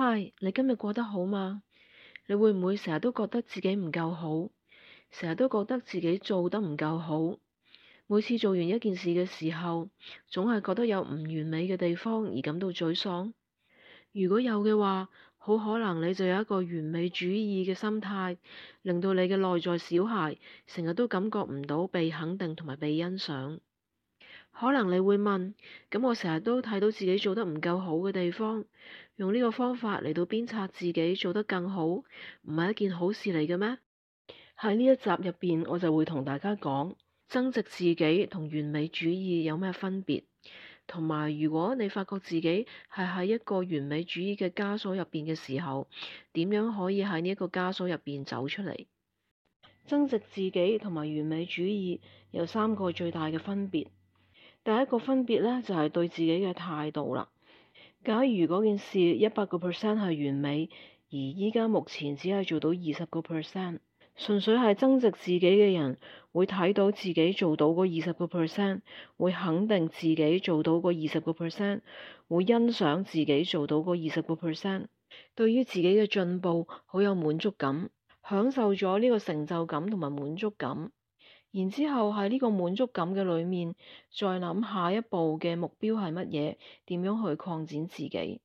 嗨，Hi, 你今日過得好嗎？你會唔會成日都覺得自己唔夠好？成日都覺得自己做得唔夠好？每次做完一件事嘅時候，總係覺得有唔完美嘅地方而感到沮喪。如果有嘅話，好可能你就有一個完美主義嘅心態，令到你嘅內在小孩成日都感覺唔到被肯定同埋被欣賞。可能你會問，咁我成日都睇到自己做得唔夠好嘅地方，用呢個方法嚟到鞭策自己做得更好，唔係一件好事嚟嘅咩？喺呢一集入邊，我就會同大家講增值自己同完美主義有咩分別，同埋如果你發覺自己係喺一個完美主義嘅枷鎖入邊嘅時候，點樣可以喺呢一個枷鎖入邊走出嚟。增值自己同埋完美主義有三個最大嘅分別。第一個分別咧，就係、是、對自己嘅態度啦。假如嗰件事一百個 percent 係完美，而依家目前只係做到二十個 percent，純粹係增值自己嘅人，會睇到自己做到嗰二十個 percent，會肯定自己做到嗰二十個 percent，會欣賞自己做到嗰二十個 percent，對於自己嘅進步好有滿足感，享受咗呢個成就感同埋滿足感。然之後喺呢個滿足感嘅裏面，再諗下一步嘅目標係乜嘢，點樣去擴展自己。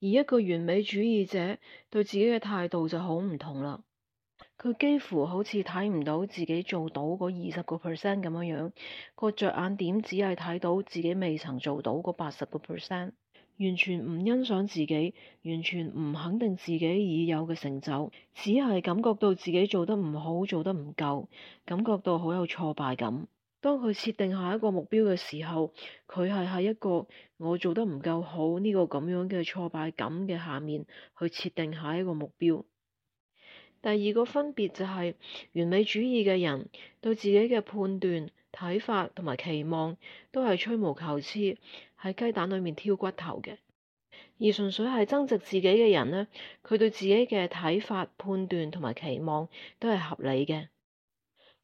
而一個完美主義者對自己嘅態度就好唔同啦。佢幾乎好似睇唔到自己做到嗰二十個 percent 咁樣樣，個着眼點只係睇到自己未曾做到嗰八十個 percent。完全唔欣賞自己，完全唔肯定自己已有嘅成就，只係感覺到自己做得唔好，做得唔夠，感覺到好有挫敗感。當佢設定下一個目標嘅時候，佢係喺一個我做得唔夠好呢個咁樣嘅挫敗感嘅下面去設定下一個目標。第二個分別就係完美主義嘅人對自己嘅判斷。睇法同埋期望都係吹毛求疵，喺雞蛋裏面挑骨頭嘅。而純粹係增值自己嘅人呢，佢對自己嘅睇法、判斷同埋期望都係合理嘅。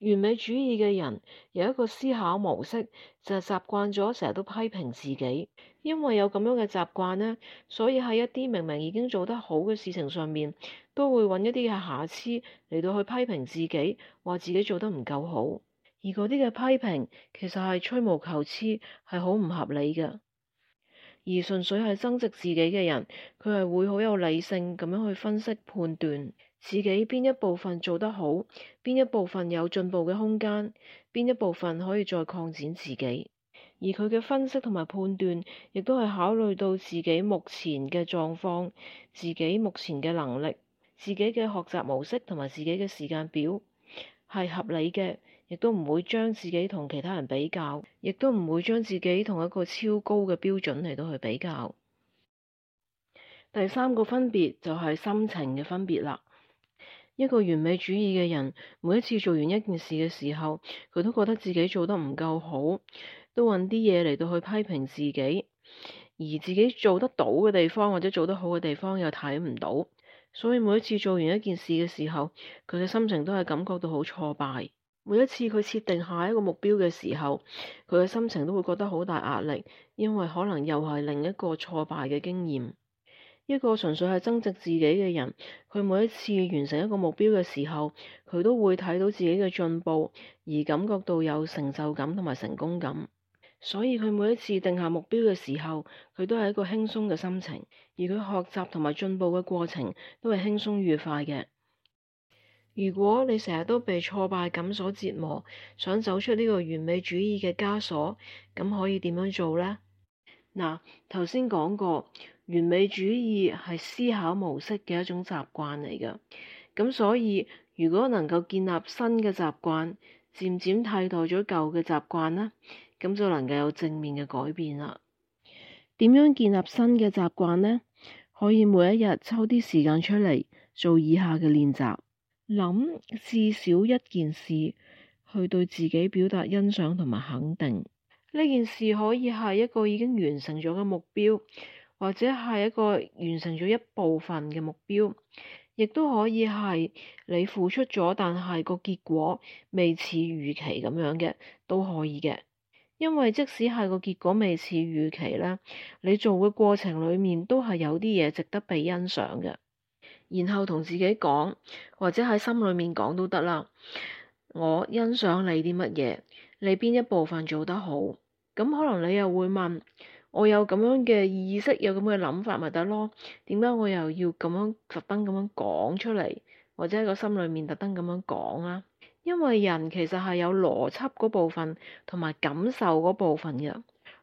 完美主義嘅人有一個思考模式，就係習慣咗成日都批評自己。因為有咁樣嘅習慣呢，所以喺一啲明明已經做得好嘅事情上面，都會揾一啲嘅瑕疵嚟到去批評自己，話自己做得唔夠好。而嗰啲嘅批評其實係吹毛求疵，係好唔合理嘅。而純粹係增值自己嘅人，佢係會好有理性咁樣去分析判斷自己邊一部分做得好，邊一部分有進步嘅空間，邊一部分可以再擴展自己。而佢嘅分析同埋判斷，亦都係考慮到自己目前嘅狀況、自己目前嘅能力、自己嘅學習模式同埋自己嘅時間表。係合理嘅，亦都唔會將自己同其他人比較，亦都唔會將自己同一個超高嘅標準嚟到去比較。第三個分別就係心情嘅分別啦。一個完美主義嘅人，每一次做完一件事嘅時候，佢都覺得自己做得唔夠好，都揾啲嘢嚟到去批評自己，而自己做得到嘅地方或者做得好嘅地方又睇唔到。所以每一次做完一件事嘅時候，佢嘅心情都係感覺到好挫敗。每一次佢設定下一個目標嘅時候，佢嘅心情都會覺得好大壓力，因為可能又係另一個挫敗嘅經驗。一個純粹係增值自己嘅人，佢每一次完成一個目標嘅時候，佢都會睇到自己嘅進步，而感覺到有成就感同埋成功感。所以佢每一次定下目標嘅時候，佢都係一個輕鬆嘅心情，而佢學習同埋進步嘅過程都係輕鬆愉快嘅。如果你成日都被挫敗感所折磨，想走出呢個完美主義嘅枷鎖，咁可以點樣做呢？嗱、呃，頭先講過，完美主義係思考模式嘅一種習慣嚟嘅，咁所以如果能夠建立新嘅習慣，漸漸替代咗舊嘅習慣啦。咁就能夠有正面嘅改變啦。點樣建立新嘅習慣呢？可以每一日抽啲時間出嚟做以下嘅練習，諗至少一件事去對自己表達欣賞同埋肯定。呢件事可以係一個已經完成咗嘅目標，或者係一個完成咗一部分嘅目標，亦都可以係你付出咗，但係個結果未似預期咁樣嘅，都可以嘅。因為即使係個結果未似預期咧，你做嘅過程裏面都係有啲嘢值得被欣賞嘅。然後同自己講，或者喺心裏面講都得啦。我欣賞你啲乜嘢？你邊一部分做得好？咁可能你又會問，我有咁樣嘅意識，有咁嘅諗法咪得咯？點解我又要咁樣特登咁樣講出嚟，或者喺個心裏面特登咁樣講啊？因為人其實係有邏輯嗰部分同埋感受嗰部分嘅，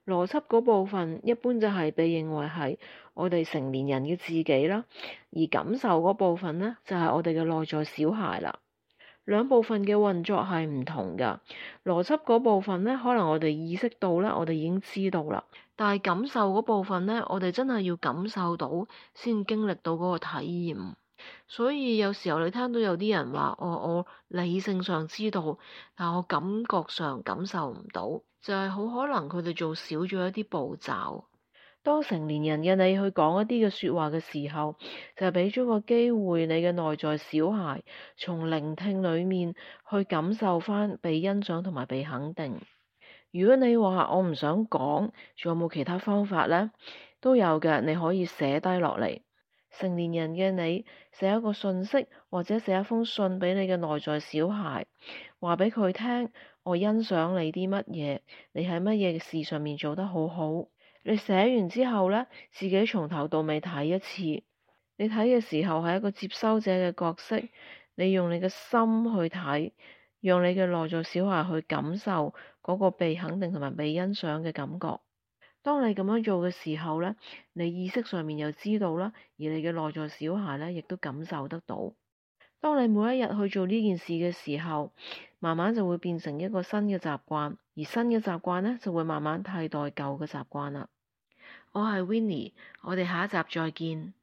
邏輯嗰部分一般就係被認為係我哋成年人嘅自己啦，而感受嗰部分咧就係我哋嘅內在小孩啦。兩部分嘅運作係唔同噶，邏輯嗰部分咧可能我哋意識到咧，我哋已經知道啦，但係感受嗰部分咧，我哋真係要感受到先經歷到嗰個體驗。所以有時候你聽到有啲人話，我、哦、我理性上知道，但我感覺上感受唔到，就係、是、好可能佢哋做少咗一啲步驟。當成年人嘅你去講一啲嘅說話嘅時候，就係俾咗個機會你嘅內在小孩，從聆聽裏面去感受翻被欣賞同埋被肯定。如果你話我唔想講，仲有冇其他方法呢？都有嘅，你可以寫低落嚟。成年人嘅你寫一個信息或者寫一封信俾你嘅內在小孩，話俾佢聽我欣賞你啲乜嘢，你喺乜嘢事上面做得好好。你寫完之後呢，自己從頭到尾睇一次。你睇嘅時候係一個接收者嘅角色，你用你嘅心去睇，讓你嘅內在小孩去感受嗰個被肯定同埋被欣賞嘅感覺。當你咁樣做嘅時候咧，你意識上面又知道啦，而你嘅內在小孩咧，亦都感受得到。當你每一日去做呢件事嘅時候，慢慢就會變成一個新嘅習慣，而新嘅習慣咧，就會慢慢替代舊嘅習慣啦。我係 Winnie，我哋下一集再見。